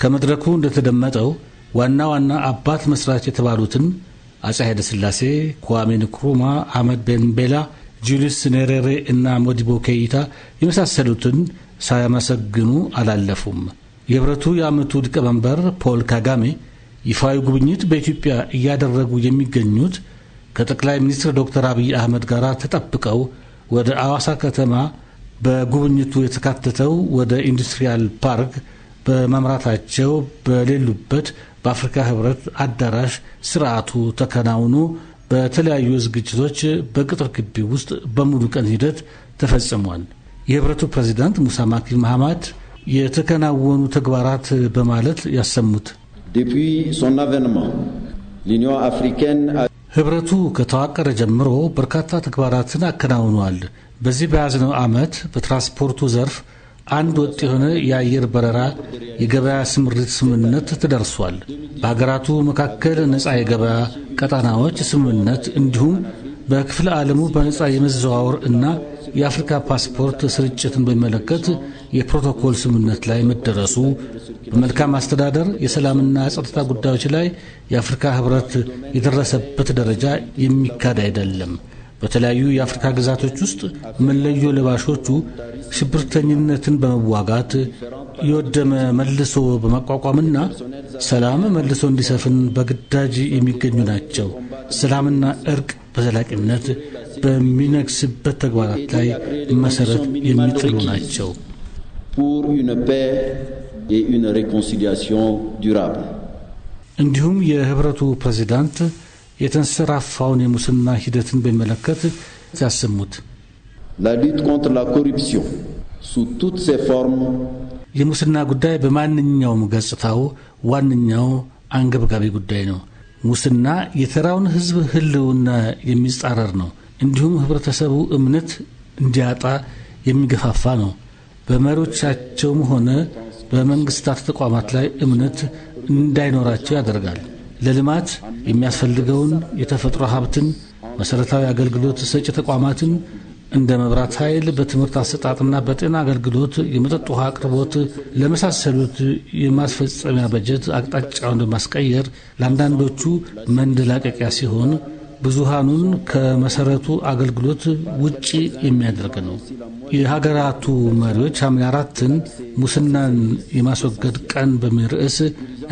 ከመድረኩ እንደተደመጠው ዋና ዋና አባት መስራች የተባሉትን አጼ ኃይለ ሥላሴ፣ ክዋሜ ንክሩማ፣ አህመድ ቤንቤላ፣ ጁልስ ኔሬሬ እና ሞዲቦ ኬይታ የመሳሰሉትን ሳያመሰግኑ አላለፉም። የህብረቱ የአመቱ ሊቀመንበር ፖል ካጋሜ ይፋዊ ጉብኝት በኢትዮጵያ እያደረጉ የሚገኙት ከጠቅላይ ሚኒስትር ዶክተር አብይ አህመድ ጋር ተጠብቀው ወደ አዋሳ ከተማ በጉብኝቱ የተካተተው ወደ ኢንዱስትሪያል ፓርክ በመምራታቸው በሌሉበት በአፍሪካ ህብረት አዳራሽ ስርዓቱ ተከናውኑ በተለያዩ ዝግጅቶች በቅጥር ግቢ ውስጥ በሙሉ ቀን ሂደት ተፈጽሟል። የህብረቱ ፕሬዚዳንት ሙሳ ማኪ ማህማት የተከናወኑ ተግባራት በማለት ያሰሙት ህብረቱ ከተዋቀረ ጀምሮ በርካታ ተግባራትን አከናውኗል። በዚህ በያዝነው ዓመት በትራንስፖርቱ ዘርፍ አንድ ወጥ የሆነ የአየር በረራ የገበያ ስምሪት ስምምነት ተደርሷል። በሀገራቱ መካከል ነፃ የገበያ ቀጠናዎች ስምምነት እንዲሁም በክፍለ ዓለሙ በነፃ የመዘዋወር እና የአፍሪካ ፓስፖርት ስርጭትን በሚመለከት የፕሮቶኮል ስምምነት ላይ መደረሱ፣ በመልካም አስተዳደር የሰላምና ጸጥታ ጉዳዮች ላይ የአፍሪካ ሕብረት የደረሰበት ደረጃ የሚካድ አይደለም። በተለያዩ የአፍሪካ ግዛቶች ውስጥ መለዮ ለባሾቹ ሽብርተኝነትን በመዋጋት የወደመ መልሶ በማቋቋምና ሰላም መልሶ እንዲሰፍን በግዳጅ የሚገኙ ናቸው። ሰላምና እርቅ በዘላቂነት በሚነግስበት ተግባራት ላይ መሰረት የሚጥሉ ናቸው። እንዲሁም የህብረቱ ፕሬዚዳንት የተንሰራፋውን የሙስና ሂደትን በሚመለከት ያሰሙት ላዲት ኮንትር ላ ኮሪፕሲዮን ሱ ቱት ሴ ፎርም የሙስና ጉዳይ በማንኛውም ገጽታው ዋነኛው አንገብጋቢ ጉዳይ ነው። ሙስና የተራውን ሕዝብ ህልውና የሚጻረር ነው። እንዲሁም ህብረተሰቡ እምነት እንዲያጣ የሚገፋፋ ነው። በመሪዎቻቸውም ሆነ በመንግስታት ተቋማት ላይ እምነት እንዳይኖራቸው ያደርጋል። ለልማት የሚያስፈልገውን የተፈጥሮ ሀብትን፣ መሰረታዊ አገልግሎት ሰጪ ተቋማትን እንደ መብራት ኃይል፣ በትምህርት አሰጣጥና በጤና አገልግሎት፣ የመጠጥ ውሃ አቅርቦት ለመሳሰሉት የማስፈጸሚያ በጀት አቅጣጫውን በማስቀየር ለአንዳንዶቹ መንደላቀቂያ ሲሆን ብዙሃኑን ከመሰረቱ አገልግሎት ውጪ የሚያደርግ ነው። የሀገራቱ መሪዎች ሐምሌ አራትን ሙስናን የማስወገድ ቀን በሚል ርዕስ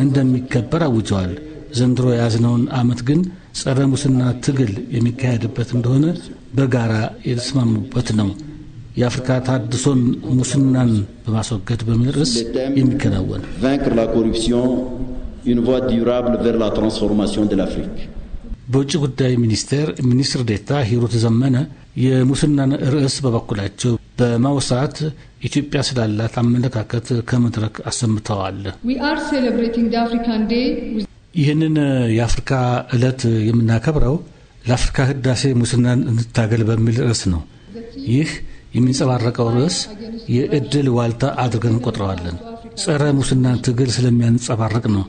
እንደሚከበር አውጀዋል። ዘንድሮ የያዝነውን ዓመት ግን ጸረ ሙስና ትግል የሚካሄድበት እንደሆነ በጋራ የተስማሙበት ነው። የአፍሪካ ታድሶን ሙስናን በማስወገድ በሚል ርዕስ የሚከናወን በውጭ ጉዳይ ሚኒስቴር ሚኒስትር ዴታ ሂሩት ዘመነ የሙስናን ርዕስ በበኩላቸው በማውሳት ኢትዮጵያ ስላላት አመለካከት ከመድረክ አሰምተዋል። ይህንን የአፍሪካ ዕለት የምናከብረው ለአፍሪካ ህዳሴ ሙስናን እንታገል በሚል ርዕስ ነው። ይህ የሚንጸባረቀው ርዕስ የእድል ዋልታ አድርገን እንቆጥረዋለን። ጸረ ሙስናን ትግል ስለሚያንጸባርቅ ነው።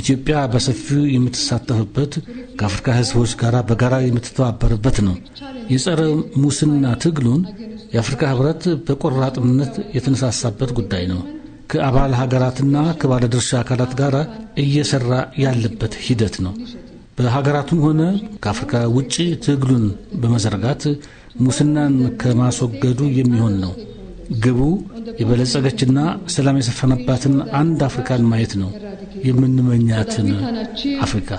ኢትዮጵያ በሰፊው የምትሳተፍበት ከአፍሪካ ህዝቦች ጋር በጋራ የምትተባበርበት ነው። የጸረ ሙስና ትግሉን የአፍሪካ ህብረት በቆራጥነት የተነሳሳበት ጉዳይ ነው። ከአባል ሀገራትና ከባለድርሻ አካላት ጋር እየሰራ ያለበት ሂደት ነው። በሀገራቱም ሆነ ከአፍሪካ ውጭ ትግሉን በመዘርጋት ሙስናን ከማስወገዱ የሚሆን ነው። ግቡ የበለጸገችና ሰላም የሰፈነባትን አንድ አፍሪካን ማየት ነው። የምንመኛትን አፍሪካ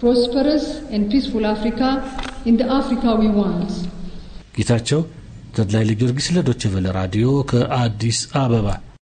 ፕሮስፐረስ ፒስፉል አፍሪካ ጌታቸው ተድላይ ለጊዮርጊስ ለዶችቨለ ራዲዮ ከአዲስ አበባ